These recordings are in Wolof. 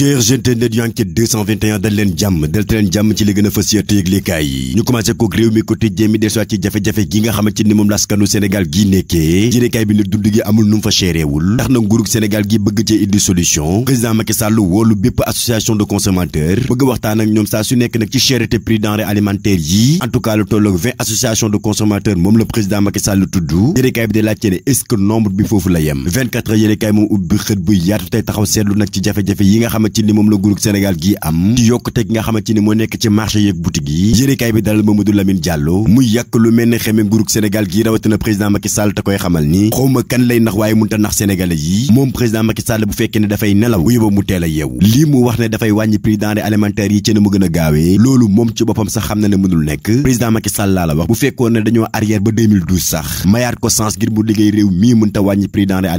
chers internet yu enquête 221 dal leen jàmm dal te leen jàmm ci li gën a fës yéete yëglekaay yi ñu commencé ko ci ni moom laskanu Sénégal gi nekkee yéenekaay bi ne dund gi amul nu fa chéréwul tax na nguurug Sénégal gi bëgg ci indi solution président Macky Sall woolu bépp association de consommateurs bëgg waxtaan ak ñoom saa su nekk nag ci cherté prix denrées alimentaires yi en tout cas lu tolloog de consommateurs moom la président Macky Sall tudd yéenekaay ci ni moom la nguurug Sénégal gi am ci yokkute gi nga xamante ni moo nekk ci marché yeeg boutique yi yéenekaay bi dalal Mamadou Lamine Diallo muy yàq lu mel ne xeme nguurug Sénégal gi rawatina président Macky te koy xamal ni xawma kan lay nax waaye munta nax sénégalais yi moom président Macky Sall bu fekkee ne dafay nelaw bu yóbba mu teel a yeewu lii mu wax ne dafay wàññi prix denrées alimentaires yi ci na mu gën a gaawee loolu moom ci boppam sax xam na ne mënul nekk président Macky Sall laa la wax bu fekkoon ne dañoo arrière ba 2012 sax mayaat ko sens ngir mu liggéey réew mii munta wàññi prix denrées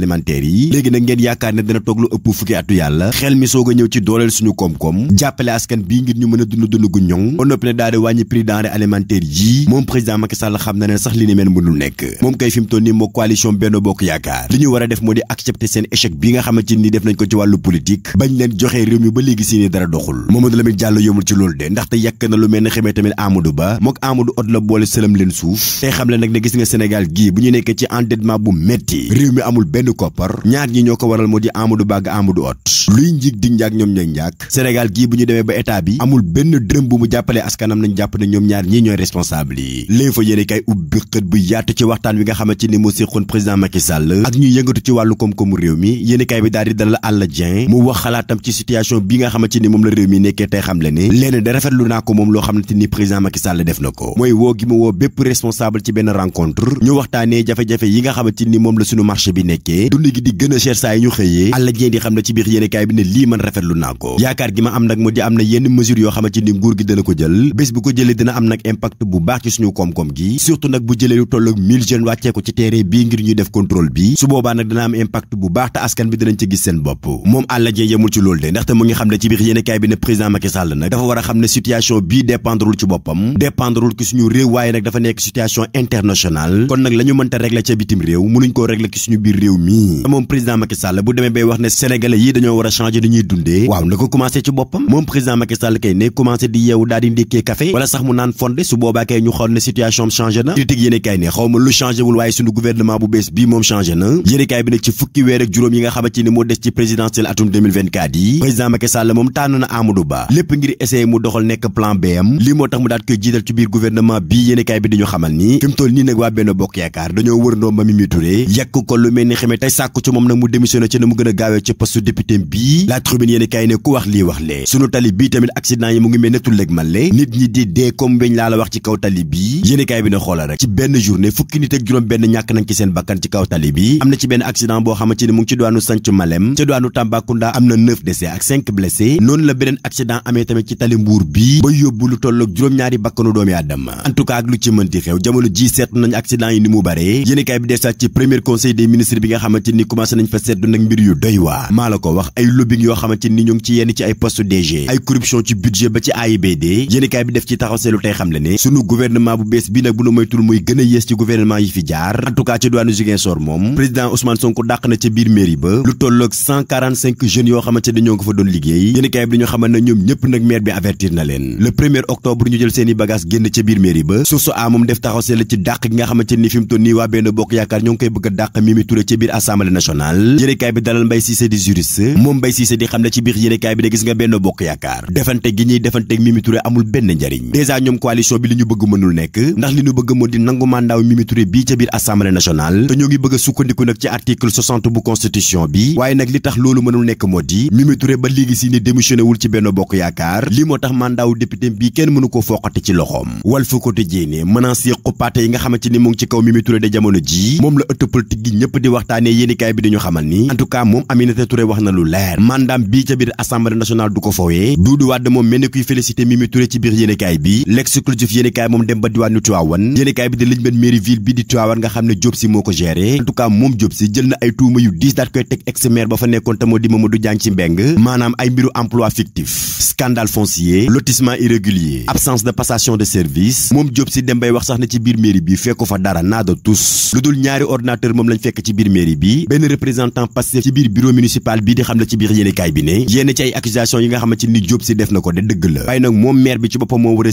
ñëw ci dooleel suñu koom-koom jàppale askan bii ngir ñu mën a dund dund gu ñoŋ ba noppi ne daal wàññi prix denrée yii moom président Macky Sall xam na ne sax li ni mel mënul nekk moom kay fi mu nii moo coalition Benno Bokk Yaakaar li ñu war a def moo di accepter seen échec bi nga xamante ni def nañ ko ci wàllu politique bañ leen joxee réew mi ba léegi si dara doxul Mamadou Lamine Diallo yëmul ci loolu de ndaxte yàkk na lu mel ne xamee tamit Amadou Ba ko waral moo Ba njaak ñoom ñooy njaak Sénégal gii bu ñu demee ba état bi amul benn dërëm bu mu jàppalee askanam nañ jàpp ne ñoom ñaar ñii ñooy responsable yi léegi fa yéene kay ubbi xët bu yaatu ci waxtaan wi nga xamante ni moo séqoon président Macky Sall ak ñuy yëngatu ci wàllu ni moom la réew mi nekkee tey xam le ne léene da rafetlu naa ko moom loo xamante ni président Macky Sall def na ko mooy woo gi mu woo bépp responsable ci benn rencontre ñu waxtaanee jafe-jafe yi nga xamante ni moom la suñu marché bi nekkee a cher rafetlu naa ko yaakaar gi ma am nag mu di am na yenn mesure yoo xamante ni nguur gi dana ko jël bés bu ko jëlee dina am nag impact bu baax ci suñu koom-koom gi surtout nag bu jëlee lu tolloog 1000 jeunes wàccee ko ci terrain bii ngir ñuy def contrôle bi su boobaa nag dina am impact bu baax te askan bi dinañ ci gis seen bopp moom Alla Dieng ci loolu de ndaxte mu ngi xam ne ci biir yéenekaay bi ne président Macky nag dafa war a xam ne situation bii dépendrewul ci boppam dépendrewul ci suñu réew waaye nag dafa nekk situation dundee waaw na ko commencé ci boppam moom président Macky Sall kay ne commencé di yeewu daal ndékkee café wala sax mu naan fonde su boobaa ñu xool ne situation am na critique yéene ne xaw lu changé wul waaye suñu gouvernement bu bees bii moom changé na yéene bi nag ci fukki weer ak juróom yi nga xamante ni moo des ci présidentielle atum 2024 yi président Macky Sall moom tànn na Amadou Ba lépp ngir essayer mu doxal nekk plan B am lii moo tax yéen kaay ne ku wax lii wax lee sunu tali bii tamit accident yi mu ngi mel ne tulleeg male nit ñi di dee comme weñ laa la wax ci kaw tali bii yéen kaay bi ne xoolal rek ci benn journée fukki nit ak juróom benn ñàkk nañ ci seen bakkan ci kaw tali bi am na ci benn accident boo xamante ni mu ngi ci doonu Sanc Malem ca doonu Tambacounda am na 9 décès ak 5 blessés noonu la beneen accident amee tamit ci tali Mbuur bii ba yóbbu lu toll ak juróom-ñaari bakkanu doomi Aadama en tout cas ak lu mën di xew ji seetlu nañ accident yi ni mu bare yéen kaay bi desaat ci premier xamante ni commencé nañ fa seetlu nag mbir yu doy waa ko wax ay lobbying yoo xamante ni ñoo ci yenn ci ay poste DG ay corruption ci budget ba ci AIBD yéenekaay bi def ci taxaw seetlu tey xam ne sunu gouvernement bu bees bi nag bu nu moytul muy gën a ci gouvernement yi fi jaar en tout cas ci diwaanu moom président Ousmane Sonko dàq na ca biir mairie ba lu tolloog 145 yoo xamal ne ñoom ñëpp nag maire bi avertir na leen le premier octobre ñu jël seen i génn ca biir mairie ba source a moom def taxaw seetlu ci dàq gi nga ci biir yéenekaay bi de gis nga Benno Bokk Yaakaar defante gi ñuy defante Mimi Touré amul benn njariñ dèjà ñoom coalition bi li ñu bëgg mënul nekk ndax li ñu bëgg moo di nangu mandaaw Mimi Touré bii ca biir assemblée nationale te ñoo ngi bëgg a nag ci article bu constitution bi waaye nag li tax loolu mënul nekk moo di Mimi Touré ba léegi si ni démissionné wul ci Benno Bokk Yaakaar li moo tax mandaawu député bii kenn mënu ko foqati ci loxoom Walf Quotidien menaces yi xuppaate yi nga xamante ni mu ngi ci kaw Mimi Touré de ji moom la ëtt waxtaanee ni en tout cas moom Aminata Touré lii ca biir assemblée nationale du ko foowee Doudou Wade moom mel félicité Mimi Touré ci biir yéenekaay bi l'exclusif yéenekaay moom dem ba diwaanu Tivaouane yéenekaay bi di liñ ben ville bi di Tivaouane nga xam ne Diop moo ko géré en moom Diop jël na ay tuuma yu diis daat koy teg ex ba fa nekkoon te moo di Mamadou Diagne ci Mbeng maanaam ay mbiru emploi fictif scandale foncier lotissement irrégulier absence de passation de service ne yénn ci ay accusation yi nga xamante ni Diop si def na ko de dëgg la waaye nag moom maire bi ci boppam moo war a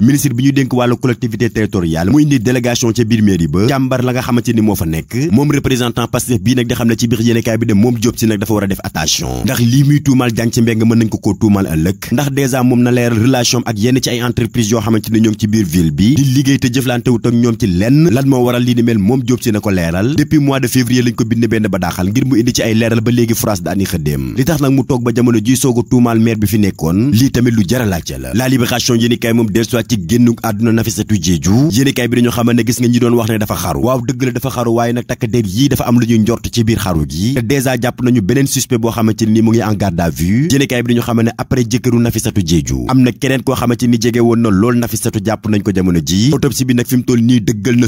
ministre bi ñu dénk wàllu collectivité territoriale muy indi délégation ca biir mairie ba jàmbar la nga xamante ni moo fa nekk moom représentant Pastef bii nag di xam ne ci biir yéenekaay bi de moom Diop si nag dafa war a def attention ndax lii muy tuumal jàng ci mbeng mën nañ ko koo tuumal ëllëg ndax dèjà moom na leer relation yenn ci ay yoo xamante ni ñoom ci biir bi di liggéey te jëflante na ko leeral depuis mois de février lañ ko mu toog ba jamono ji soog a tuumaal maire bi fi nekkoon lii tamit lu jara la la libération bi dañu xamal ne gis nga ñi doon wax ne dafa xaru waaye nag takk der yii dafa am lu ñuy njort ci biir xaru gi te dèjà jàpp nañu beneen suspect boo xamante ni mu ngi en garde à vue bi dañu xamal ne après jëkkëru Nafisatu Jeeju am na keneen koo xamante ni jege woon na lool Nafisatu jàpp nañ ko jamono ji autopsie bi nag fi mu nii dëggal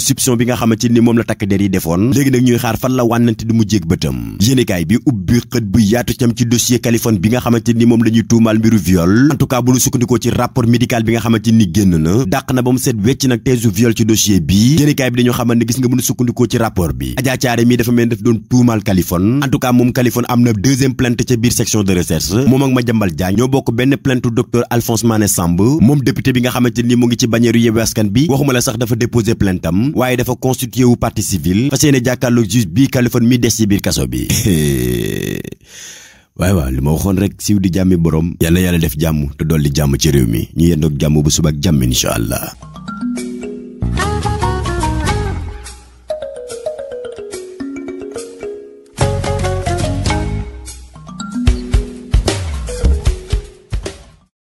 Kaliphone bi nga xamante ni moom la bi nga xamante ni na mu am na deuxième plainte ca biir section de recherche moom ak ngi ci bannière Yewwi bi waxuma la sax dafa déposé plainte waaye dafa constitué wu partie civile fas yéene jàkkaarloo bi Kaliphone mi des ci biir kaso bi waaye waaw li ma waxoon rek siiw di jàmmi borom yàlla yàlla def jàmm te dolli jàmm ci réew mi ñu yendoog jàmm bu suba ak jàmm incha allah